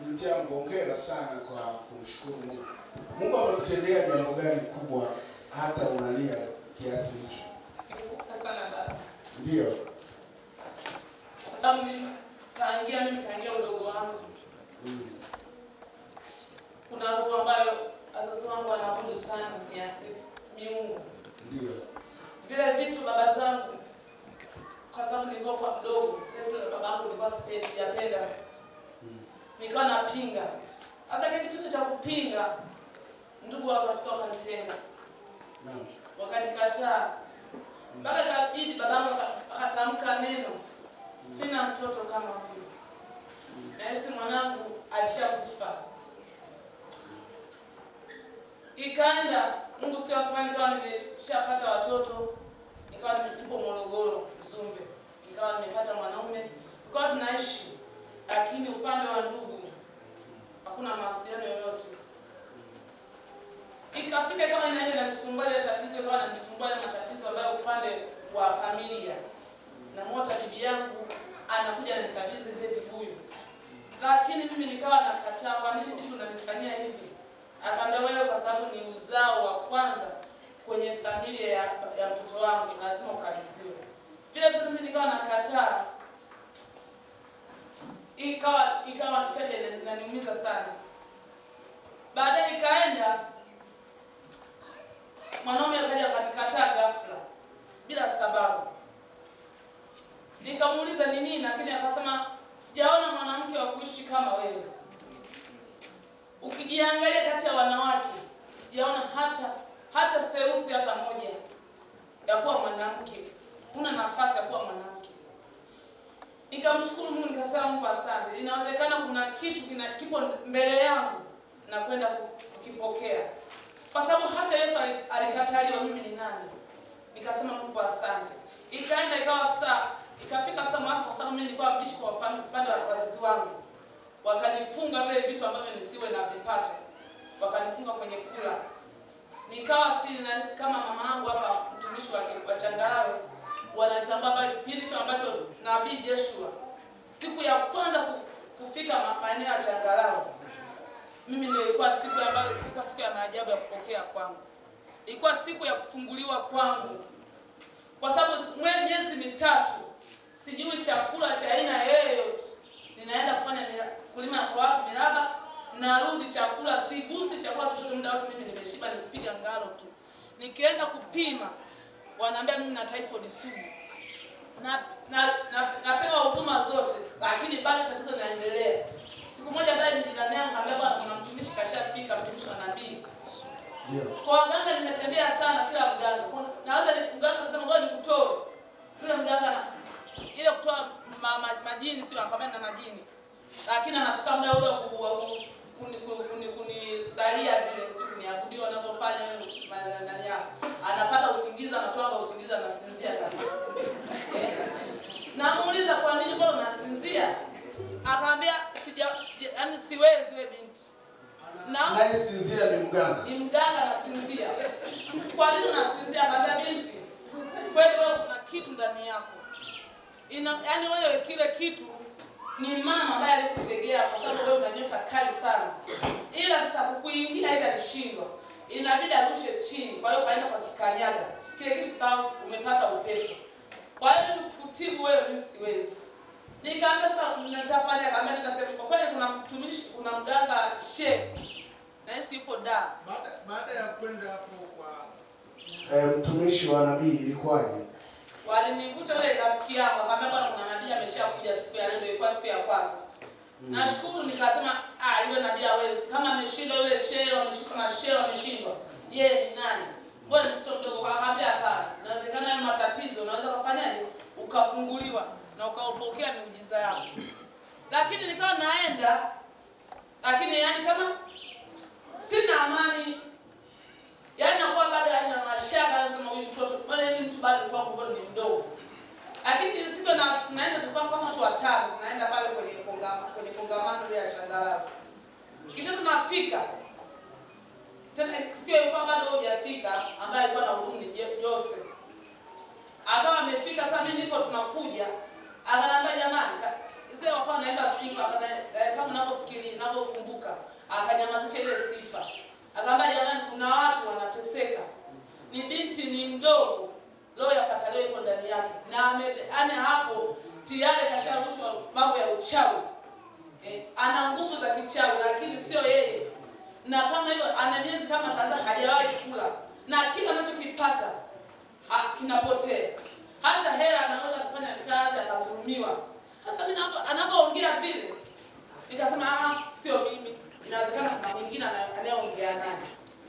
Binti yangu hongera sana kwa kumshukuru Mungu. Mungu amekutendea jambo gani kubwa hata unalia kiasi hicho? Ndio. Sababu mimi kaangia mimi kaangia udogo wangu. Mm. Kuna roho ambayo wazazi wangu wanaabudu sana ya miungu. Ndio. Vile vitu baba zangu kwa sababu nilikuwa mdogo, ndio baba yangu nilikuwa sipesi yapenda nikawa napinga. Sasa kile kitendo cha kupinga, ndugu wakafika wakanitenga, wakanikataa mpaka ikabidi babangu akatamka neno, sina mtoto kama huyu, mm. nahisi mwanangu alishakufa. Ikanda Mungu sio asmani, nikawa nimeshapata watoto, nikawa nipo Morogoro Zumbe, nikawa nimepata mwanaume, nikawa tunaishi, lakini upande wa ndugu hakuna mawasiliano yoyote. Ikafika kama inaenda inanisumbua ile tatizo, ikawa inanisumbua ile matatizo ambayo upande wa familia na mota, bibi yangu anakuja anikabidhi bebi huyu, lakini mimi nikawa nakataa. Kwa nini bibi unanifanyia hivi? Akaambia wewe, kwa sababu ni uzao wa kwanza kwenye familia ya, ya mtoto wangu lazima ukabidhiwe vile. Mimi nikawa nakataa, ikawa ikawa ikaja inaniumiza sana. Baadaye ikaenda mwanaume akaja akanikataa ghafla bila sababu. Nikamuuliza ni nini, lakini akasema sijaona mwanamke wa kuishi kama wewe. Ukijiangalia kati ya wanawake sijaona hata hata theluthi hata moja ya kuwa mwanamke. Huna nafasi ya kuwa mwanamke. Nikamshukuru Mungu nikasema, Mungu asante, inawezekana kuna kitu kina kipo mbele yangu na kwenda kukipokea, kwa sababu hata Yesu alikataliwa, mimi ni nani? Nikasema Mungu asante. Ikaenda ikawa saa ikafika saa mwafaka, kwa sababu mimi nilikuwa mbishi kwa upande wa wazazi wangu, wakanifunga vile vitu ambavyo nisiwe na vipate, wakanifunga kwenye kula, nikawa si kama mama yangu hapa, mtumishi wa Changalawe wanashamba kipindi hicho ambacho nabii Joshua siku ya kwanza kufika maeneo ya changarau, mimi ndio ilikuwa siku ambayo ilikuwa siku ya maajabu ya kupokea kwangu, ilikuwa siku ya kufunguliwa kwangu, kwa sababu miezi mitatu sijui chakula cha aina yoyote, ninaenda kufanya mira, kulima kwa watu miraba, narudi chakula sigusi chakula chochote, muda wote mimi nimeshiba, nikipiga ngalo tu, nikienda kupima wanaambia mimi na typhoid sugu na na napewa huduma zote, lakini bado tatizo linaendelea. Siku moja baada jirani yangu ambaye bwana, kuna mtumishi kashafika, mtumishi wa nabii. Yeah. Kwa waganga nimetembea sana, kila mganga naweza mganga kusema ngoja nikutoe yule mganga na ile kutoa ma, ma, majini sio anafanya na majini, lakini anafika muda ule wa kunisalia vile usiku kuniabudia wanapofanya nani yako, anapata usingizi, anatoa usingizi, anasinzia kabisa. Eh. Namuuliza, kwa nini bwana unasinzia? Akaambia sija, yaani siwezi wewe binti. Na naye sinzia ni mganga. Ni mganga sinzia. Kwa nini unasinzia? Akaambia binti, kweli wewe kuna kitu ndani yako. Ina, yani wewe kile kitu ni mama ambaye alikutegea kwa sababu wewe una nyota kali sana, ila sasa kukuingia ile alishindwa, inabidi arushe chini. Kwa hiyo kaenda kwa kikanyaga kile kitu kikawa umepata upepo. Kwa hiyo nikutibu wewe mimi siwezi. Nikaambia sasa nitafanya kama nikasema, kwa kweli kuna mtumishi, kuna mganga she na yeye yupo da. Baada baada ya kwenda hapo kwa eh, mtumishi wa nabii ilikuwaje? Walinikuta ile rafiki yangu akamwambia bwana ameshakuja siku ya leo, ndio ilikuwa siku ya kwanza. Mm. Nashukuru nikasema, ah, yule nabii hawezi. Kama ameshindwa yule shehe, ameshindwa na shehe ameshindwa. Yeye ni nani? Mbona ni mtoto mdogo kwa kambi hapa? Inawezekana hayo matatizo unaweza kufanyaje? Ukafunguliwa na ukaupokea miujiza yako. Lakini nikawa naenda lakini yani kama sina amani. Yaani nakuwa bado na mashaka nasema huyu mtoto, mbona ni mtu bado kwa ni mdogo lakini siku na tunaenda tulikuwa kama watu watano, tunaenda pale kwenye kongamano, kwenye kongamano ile ya changarawe kitu tunafika tena, siku hiyo ilikuwa ndio hujafika, ambaye alikuwa na hudumu ni Jose, akawa amefika. Sasa mimi nipo tunakuja, akanambia jamani, zile wakawa naimba sifa, eh, kama ninavyofikiri ninavyokumbuka, akanyamazisha ile sifa, akaambia jamani, kuna watu wanateseka, ni binti ni mdogo ya yapataliyo ipo ndani yake na amebeane hapo tayari, kasharushwa mambo ya uchawi eh, ana nguvu za kichawi, lakini sio yeye. Na kama hivyo ana miezi kama kadhaa hajawahi kula, na kila anachokipata kinapotea. Hata hela anaweza kufanya kazi akazulumiwa. Sasa mimi anapoongea vile nikasema, ah, sio mimi, inawezekana kuna mwingine anayeongea naye,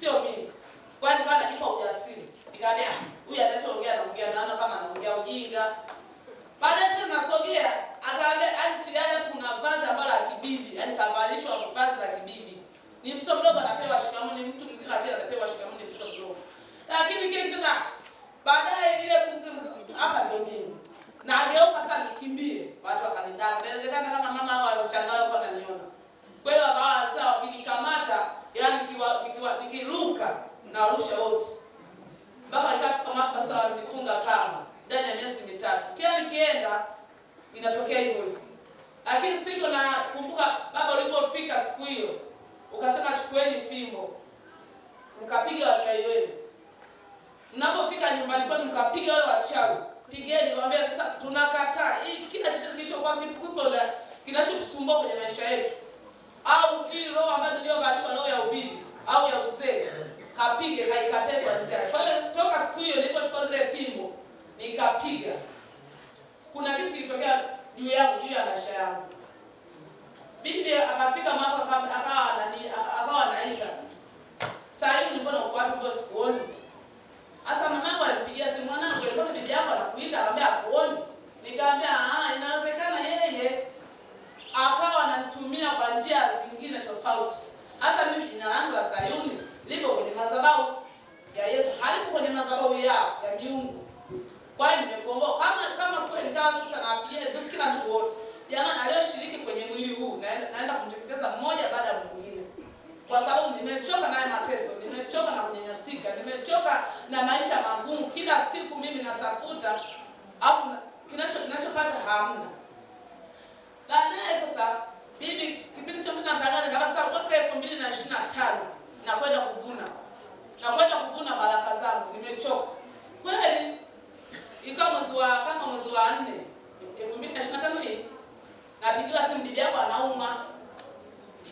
sio mimi. Kwa hiyo nikawa najipa ujasiri, nikamwambia ah, huyu anachoongea anaongea, naona kama anaongea ujinga. Baadaye tena nasogea, akaambia yani tayari kuna vazi ambalo la kibibi, yani kavalishwa vazi la kibibi. Ni mtoto mdogo anapewa shikamoo, ni mtu mzima pia anapewa shikamoo, ni mtoto mdogo. Lakini kile kitu na baadaye ile hapa ndio mimi. Na ageuka sana nikimbie. Watu wakanidana. Inawezekana kama mama hao walichanganywa kwa naniona. Kwa hiyo wakawa sasa wakinikamata, yani nikiwa nikiruka na warusha wote. Baba ikafika hapa sawa, nimefunga kama ndani ya miezi mitatu, kila nikienda inatokea hivyo hivyo. Lakini siko na kumbuka, baba, ulipofika siku hiyo ukasema chukueni fimbo mkapiga wachawi wenu. Mnapofika nyumbani kwenu mkapiga wale wachawi, pigeni, waambie tunakataa hii kila chochote kilichokuwa kipo na kinachotusumbua kwenye maisha yetu, au hii roho ambayo niliyovalishwa, roho ya ubini au ya uzee, kapige, haikatae kuanzia nikapiga. Kuna kitu kilitokea juu yangu, juu ya maisha yangu. Bibi akafika mwaka akawa nani ikawa sasa nawapigia ah, ndugu kila mtu wote, jamani, aliyoshiriki kwenye mwili huu naenda, naenda kumteketeza mmoja baada ya mwingine, kwa sababu nimechoka naye mateso, nimechoka na kunyanyasika, nimechoka na maisha magumu. Kila siku mimi natafuta, afu kinacho kinachopata hamna. Baadaye sasa bibi, kipindi cha mimi natangaza kabisa mwaka elfu mbili na ishirini na tano nakwenda kuvuna, nakwenda kuvuna baraka zangu, nimechoka kweli ikawa mwezi wa kama mwezi wa 4 2025 hii napigiwa simu, bibi yako anauma.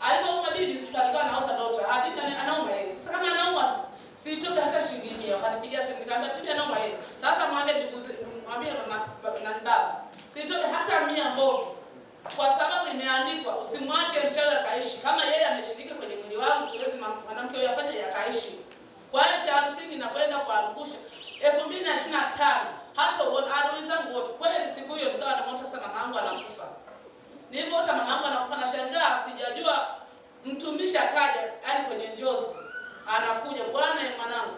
Alipouma bibi sasa, alikuwa anaota ndoto, ah, bibi anauma yeye. Sasa kama anauma, sitoke hata shilingi mia. Akanipigia simu, nikamwambia bibi anauma yeye, sasa mwambie ndugu, mwambie mama na baba, sitoke hata mia mbovu, kwa sababu imeandikwa usimwache mchawi akaishi. Kama yeye ameshiriki kwenye mwili wangu, siwezi mwanamke huyo afanye yakaishi. Kwa hiyo cha msingi nakwenda kuangusha 2025 hata adui zangu wote. Kweli siku hiyo nikawa na moto sana mamaangu anakufa. Nilipoota mamaangu anakufa, nashangaa, sijajua mtumishi akaja, yani kwenye njozi anakuja, bwana mwanangu,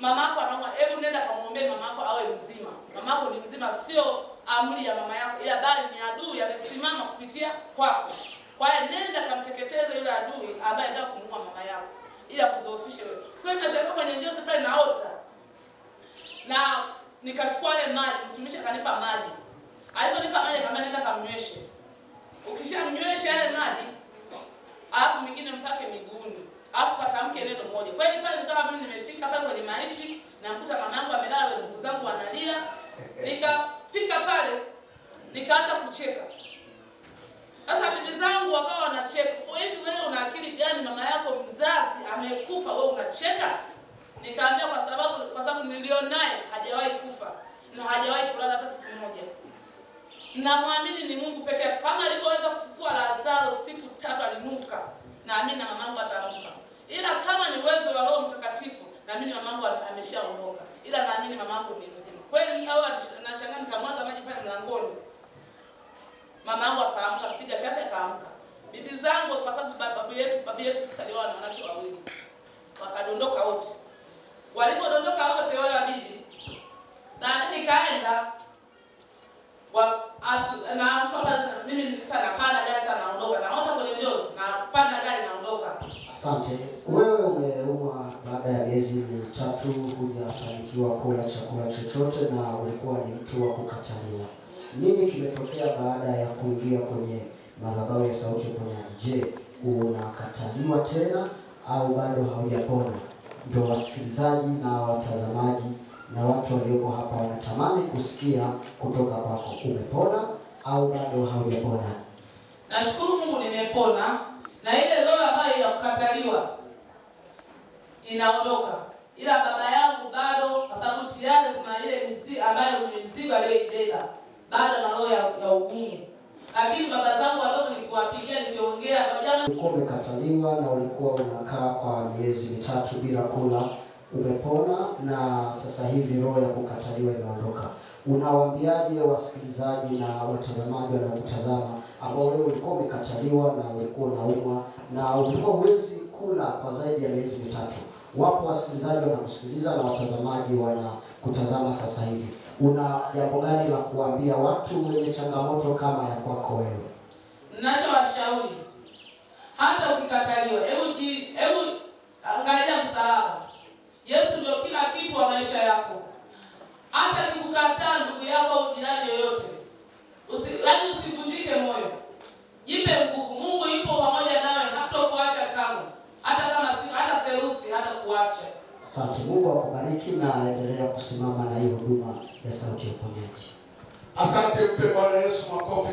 mamako anauma, hebu nenda kamwombee mamako awe mzima. Mamako ni mzima, sio amri ya mama yako, ila bali ni adui amesimama kupitia kwako. Kwa hiyo nenda kamteketeze yule adui ambaye anataka kumuua mama yako, ila kuzoofisha wewe. Kwa hiyo nashangaa kwenye njozi pale naota na nikachukua ile maji, mtumishi akanipa maji. Aliponipa maji akamwambia nenda kamnyweshe. Ukishamnywesha yale maji, alafu mwingine mpake miguuni, alafu katamke neno moja. hiyo pale nikawa mimi nimefika pale kwenye maiti, namkuta mamangu amelala, ndugu zangu wanalia. Nikafika pale nikaanza kucheka. Sasa bibi zangu wakawa wanacheka. Hivi wewe una akili gani? Mama yako mzazi amekufa, wewe unacheka? Nikaambia kwa sababu kwa sababu nilionaye hajawahi kufa na hajawahi kulala hata siku moja. Namwamini ni Mungu pekee. Kama alivyoweza kufufua Lazaro siku tatu alinuka, naamini na mamangu ataamka. Ila kama ni uwezo wa Roho Mtakatifu, naamini mamangu ameshaondoka. Ila naamini mamangu ni mzima. Kweli mdao anashangaa nikamwaga maji pale mlangoni. Mamangu akaamka, akapiga shafa akaamka. Bibi zangu kwa sababu babu yetu, babu yetu sasa leo ana wanawake wawili. Wakadondoka wote. Walipodondoka wote wale wabili, na nikaenda wa na kwamba mimi nilisika na kwenye na gari Asante. Wewe umeumwa baada ya miezi mitatu, hujafanikiwa kula chakula chochote na ulikuwa ni mtu wa kukataliwa. Nini kimetokea baada ya kuingia kwenye madhabahu ya Sauti ya Uponyaji? Je, unakataliwa tena au bado haujapona? ndio wasikilizaji na watazamaji na watu walioko hapa wanatamani kusikia kutoka kwako, umepona au bado haujapona? Nashukuru Mungu nimepona, na ile roho ambayo ya kukataliwa inaondoka, ila baba yangu bado, kwa sababu tayari kuna ile mizigo ambayo mizigo aliyoibeba bado na roho ya, ya ugumu lakini baba zangu ambao nilikuwapigia nikiongea jana, ulikuwa umekataliwa na ulikuwa unakaa kwa miezi mitatu bila kula, umepona na sasa hivi roho ya kukataliwa imeondoka. Unawaambiaje wasikilizaji na watazamaji wanaokutazama ambao wewe ulikuwa umekataliwa na ulikuwa unaumwa na ulikuwa huwezi kula kwa zaidi ya miezi mitatu? Wapo wasikilizaji wanakusikiliza na watazamaji wanakutazama sasa hivi una jambo gani la kuambia watu wenye changamoto kama ya kwako wewe? Ninachowashauri, hata ukikataliwa, hebu hebu angalia msalaba. Yesu ndio kila kitu wa maisha yako. Hata kikukataa ndugu yako au jirani yoyote, usi yaani, usivunjike moyo, jipe nguvu. Mungu yupo pamoja nawe, kuacha kamwe, hata kama si hata theluthi, hata kuacha. Asante. Mungu akubariki na endelea kusimama na hiyo huduma. ya sauti é ya uponyaji. Asante, mpe Bwana Yesu makofi.